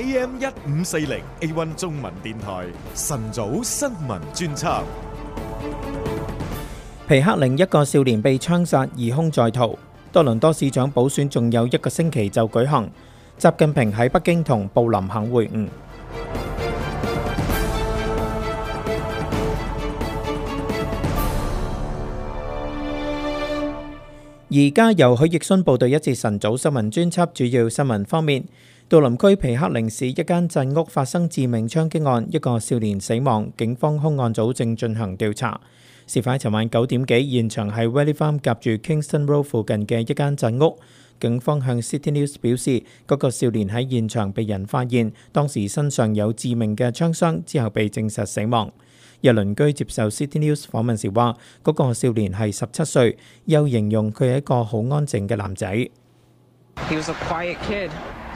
AM 一五四零 A One 中文電台晨早新聞專輯。皮克林一個少年被槍殺，疑兇在逃。多倫多市長補選仲有一個星期就舉行。習近平喺北京同布林肯會晤。而家由許奕迅報導一節晨早新聞專輯，主要新聞方面。杜林區皮克靈市一間鎮屋發生致命槍擊案，一個少年死亡，警方凶案組正進行調查。事發喺尋晚九點幾，現場係 Valley Farm 夾住 Kingston Road 附近嘅一間鎮屋。警方向 City News 表示，嗰個少年喺現場被人發現，當時身上有致命嘅槍傷，之後被證實死亡。有鄰居接受 City News 訪問時話，嗰個少年係十七歲，又形容佢係一個好安靜嘅男仔。He was a quiet kid.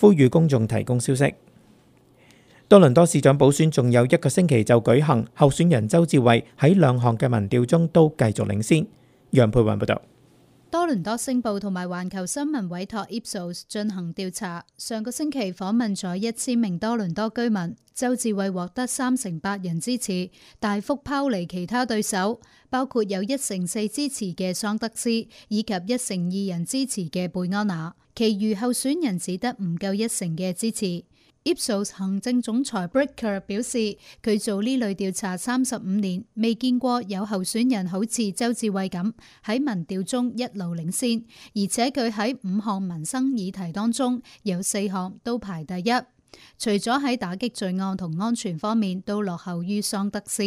呼籲公眾提供消息。多倫多市長補選仲有一個星期就舉行，候選人周志偉喺兩項嘅民調中都繼續領先。楊佩雲報道。多倫多星報同埋環球新聞委託 IPSOS 進行調查，上個星期訪問咗一千名多倫多居民，周志偉獲得三成八人支持，大幅拋離其他對手，包括有一成四支持嘅桑德斯以及一成二人支持嘅貝安娜。其餘候選人只得唔夠一成嘅支持。Ipsos 行政總裁 Bricker 表示，佢做呢類調查三十五年，未見過有候選人好似周志偉咁喺民調中一路領先，而且佢喺五項民生議題當中有四項都排第一，除咗喺打擊罪案同安全方面都落後於桑德斯。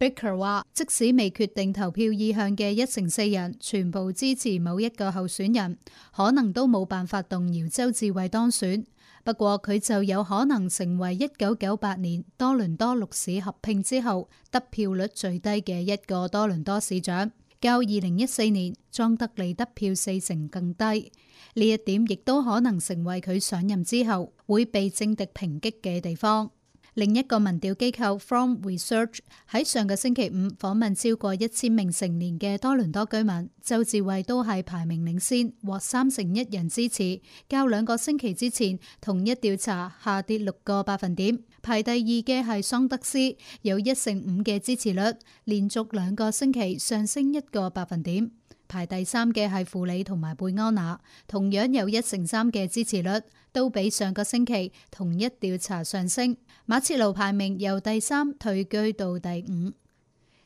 Baker 話，即使未決定投票意向嘅一成四人全部支持某一個候選人，可能都冇辦法動搖鄒至蕙當選。不過佢就有可能成為一九九八年多倫多六市合併之後得票率最低嘅一個多倫多市長，較二零一四年莊德利得票四成更低。呢一點亦都可能成為佢上任之後會被政敵抨擊嘅地方。另一個民調機構 From Research 喺上個星期五訪問超過一千名成年嘅多倫多居民，周志偉都係排名領先，獲三成一人支持，較兩個星期之前同一調查下跌六個百分點。排第二嘅係桑德斯，有一成五嘅支持率，連續兩個星期上升一個百分點。排第三嘅係庫里同埋貝安拿，同樣有一成三嘅支持率，都比上個星期同一調查上升。馬切盧排名由第三退居到第五。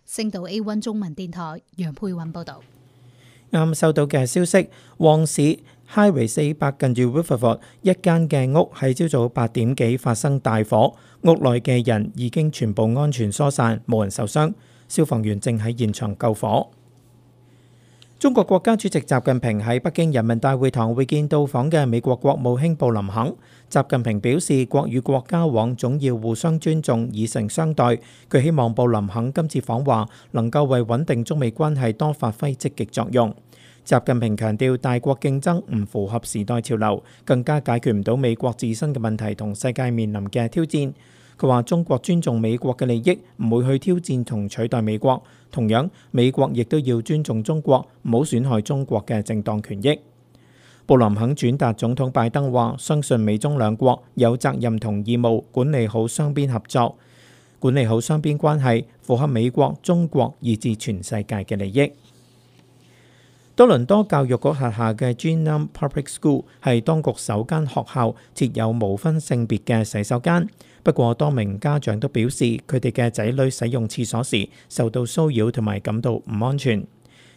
星島 A1 中文電台楊佩雲報道。啱收到嘅消息，旺市 Highway 四百近住 Riverfront 一間嘅屋喺朝早八點幾發生大火，屋內嘅人已經全部安全疏散，冇人受傷。消防員正喺現場救火。中國國家主席習近平喺北京人民大會堂佢話：中國尊重美國嘅利益，唔會去挑戰同取代美國。同樣，美國亦都要尊重中國，唔好損害中國嘅正當權益。布林肯轉達總統拜登話：相信美中兩國有責任同義務管理好雙邊合作，管理好雙邊關係，符合美國、中國以至全世界嘅利益。多倫多教育局轄下嘅 Glenam Public School 係當局首間學校設有無分性別嘅洗手間，不過多名家長都表示佢哋嘅仔女使用廁所時受到騷擾同埋感到唔安全。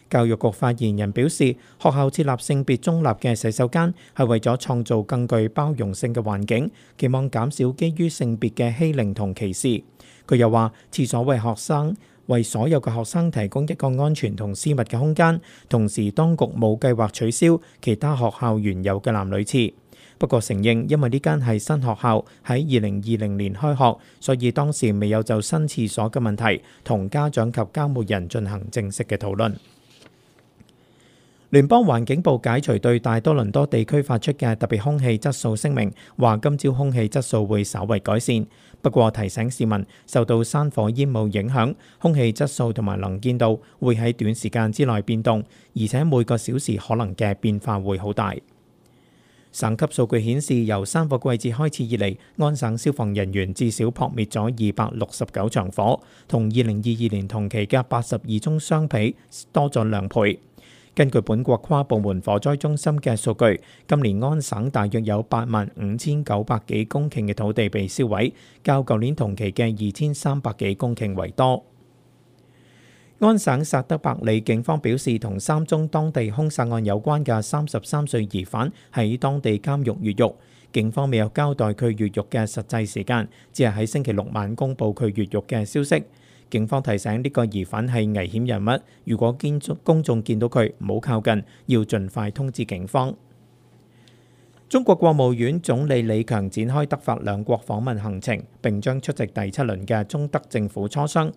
教育局發言人表示，學校設立性別中立嘅洗手間係為咗創造更具包容性嘅環境，期望減少基於性別嘅欺凌同歧視。佢又話，廁所為學生，為所有嘅學生提供一個安全同私密嘅空間，同時當局冇計劃取消其他學校原有嘅男女廁。不過承認，因為呢間係新學校，喺二零二零年開學，所以當時未有就新廁所嘅問題同家長及監護人進行正式嘅討論。聯邦環境部解除對大多倫多地區發出嘅特別空氣質素聲明，話今朝空氣質素會稍為改善。不過提醒市民受到山火煙霧影響，空氣質素同埋能見度會喺短時間之內變動，而且每個小時可能嘅變化會好大。省級數據顯示，由山火季節開始以嚟，安省消防人員至少撲滅咗二百六十九場火，同二零二二年同期嘅八十二宗相比，多咗兩倍。根據本國跨部門火災中心嘅數據，今年安省大約有八萬五千九百幾公頃嘅土地被燒毀，較舊年同期嘅二千三百幾公頃為多。安省薩德伯里警方表示，同三宗當地兇殺案有關嘅三十三歲疑犯喺當地監獄越獄，警方未有交代佢越獄嘅實際時間，只係喺星期六晚公佈佢越獄嘅消息。警方提醒呢個疑犯係危險人物，如果見公眾見到佢，唔好靠近，要盡快通知警方。中國國務院總理李強展開德法兩國訪問行程，並將出席第七輪嘅中德政府磋商。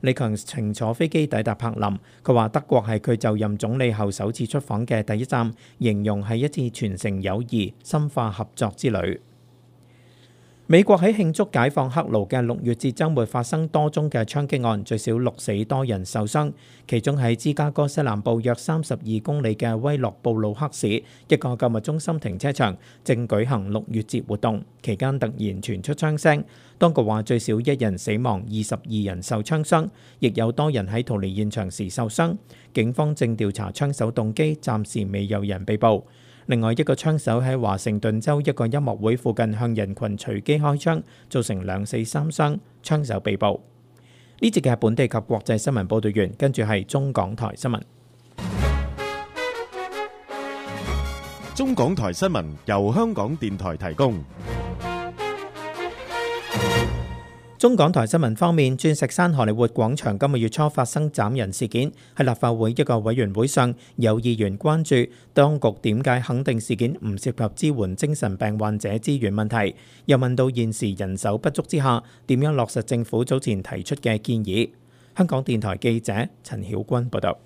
李強乘坐飛機抵達柏林，佢話德國係佢就任總理後首次出訪嘅第一站，形容係一次傳承友誼、深化合作之旅。美國喺慶祝解放黑奴嘅六月節週末發生多宗嘅槍擊案，最少六死多人受傷。其中喺芝加哥西南部約三十二公里嘅威洛布魯克市，一個購物中心停車場正舉行六月節活動，期間突然傳出槍聲。當局話最少一人死亡，二十二人受槍傷，亦有多人喺逃離現場時受傷。警方正調查槍手動機，暫時未有人被捕。另外一個槍手喺華盛頓州一個音樂會附近向人群隨機開槍，造成兩死三傷，槍手被捕。呢節嘅係本地及國際新聞報道員，跟住係中港台新聞。中港台新聞由香港電台提供。中港台新聞方面，鑽石山荷里活廣場今個月初發生斬人事件，喺立法會一個委員會上，有議員關注當局點解肯定事件唔涉及支援精神病患者資源問題，又問到現時人手不足之下，點樣落實政府早前提出嘅建議。香港電台記者陳曉君報道。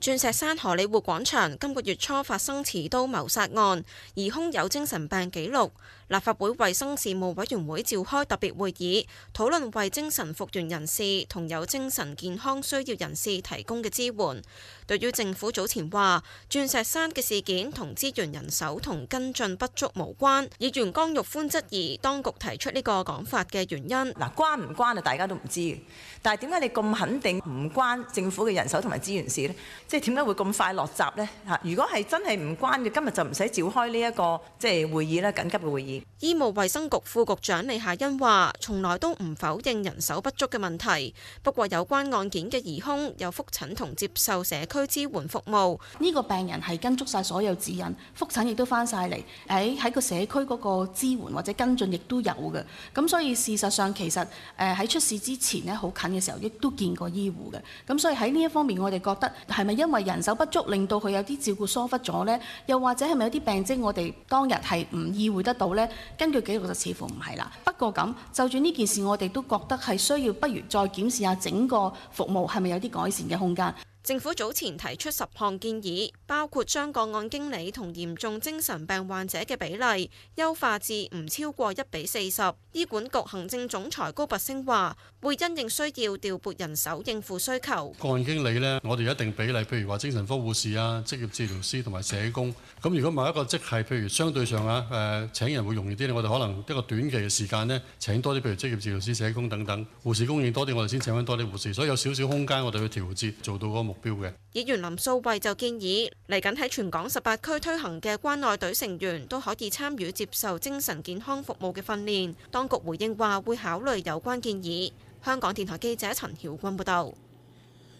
鑽石山荷里活廣場今個月初發生持刀謀殺案，疑兇有精神病記錄。立法會衛生事務委員會召開特別會議，討論為精神復原人士同有精神健康需要人士提供嘅支援。對於政府早前話鑽石山嘅事件同資源人手同跟進不足無關，議員江玉歡質疑當局提出呢個講法嘅原因。嗱，關唔關啊？大家都唔知。但係點解你咁肯定唔關政府嘅人手同埋資源事呢？即係點解會咁快落閘呢？吓？如果係真係唔關嘅，今日就唔使召開呢一個即係會議啦，緊急嘅會議。醫務衛生局副局長李夏茵話，從來都唔否認人手不足嘅問題。不過有關案件嘅疑凶有覆診同接受社區支援服務，呢個病人係跟足晒所有指引，覆診亦都返晒嚟，喺喺個社區嗰個支援或者跟進亦都有嘅。咁所以事實上其實誒喺出事之前呢，好近嘅時候亦都見過醫護嘅。咁所以喺呢一方面，我哋覺得係咪？是因為人手不足，令到佢有啲照顧疏忽咗呢。又或者係咪有啲病徵，我哋當日係唔意會得到呢？根據記錄就似乎唔係啦。不過咁，就算呢件事，我哋都覺得係需要，不如再檢視下整個服務係咪有啲改善嘅空間。政府早前提出十項建議，包括將個案經理同嚴重精神病患者嘅比例優化至唔超過一比四十。醫管局行政總裁高拔陞話會因應需要調撥人手應付需求。個案經理咧，我哋一定比例，譬如話精神科護士啊、職業治療師同埋社工。咁如果某一個職系，譬如相對上啊，誒、呃、請人會容易啲咧，我哋可能一個短期嘅時間咧，請多啲譬如職業治療師、社工等等護士供應多啲，我哋先請翻多啲護士。所以有少少空間我哋去調節做到嗰、那個。目標嘅議員林素慧就建議，嚟緊喺全港十八區推行嘅關愛隊成員都可以參與接受精神健康服務嘅訓練。當局回應話會考慮有關建議。香港電台記者陳曉君報導。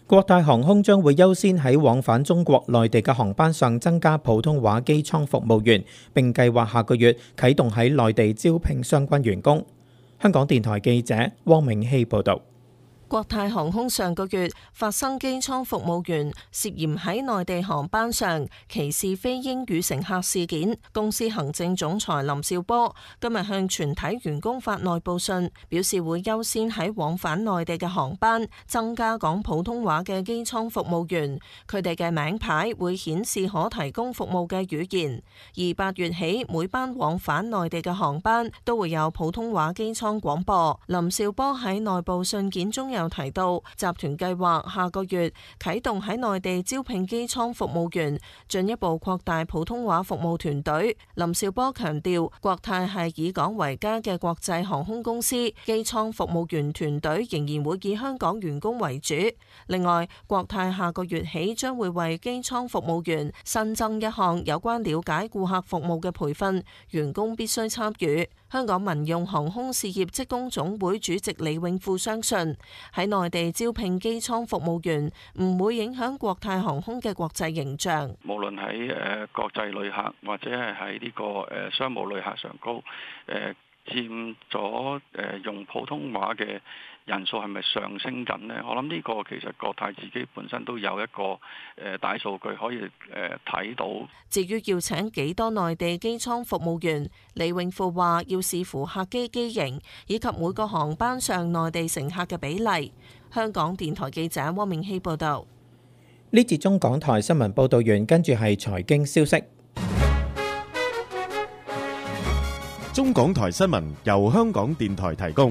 國泰航空將會優先喺往返中國內地嘅航班上增加普通話機艙服務員，並計劃下個月啟動喺內地招聘相關員工。香港電台記者汪明熙報導。國泰航空上個月發生機艙服務員涉嫌喺內地航班上歧視非英語乘客事件，公司行政總裁林紹波今日向全體員工發內部信，表示會優先喺往返內地嘅航班增加講普通話嘅機艙服務員，佢哋嘅名牌會顯示可提供服務嘅語言。而八月起，每班往返內地嘅航班都會有普通話機艙廣播。林紹波喺內部信件中有。又提到，集團計劃下個月啟動喺內地招聘機艙服務員，進一步擴大普通話服務團隊。林兆波強調，國泰係以港為家嘅國際航空公司，機艙服務員團隊仍然會以香港員工為主。另外，國泰下個月起將會為機艙服務員新增一項有關了解顧客服務嘅培訓，員工必須參與。香港民用航空事業職工總會主席李永富相信，喺內地招聘機艙服務員唔會影響國泰航空嘅國際形象。無論喺誒國際旅客或者係喺呢個誒商務旅客上高誒。呃佔咗誒用普通話嘅人數係咪上升緊呢？我諗呢個其實國泰自己本身都有一個誒大數據可以誒睇到。至於要請幾多內地機艙服務員，李永富話要視乎客機機型以及每個航班上內地乘客嘅比例。香港電台記者汪明熙報導。呢節中港台新聞報導完，跟住係財經消息。中港台新聞由香港電台提供。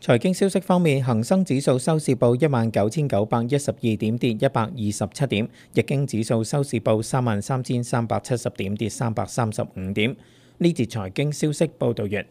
財經消息方面，恒生指數收市報一萬九千九百一十二點，跌一百二十七點；日經指數收市報三萬三千三百七十點，跌三百三十五點。呢節財經消息報道完。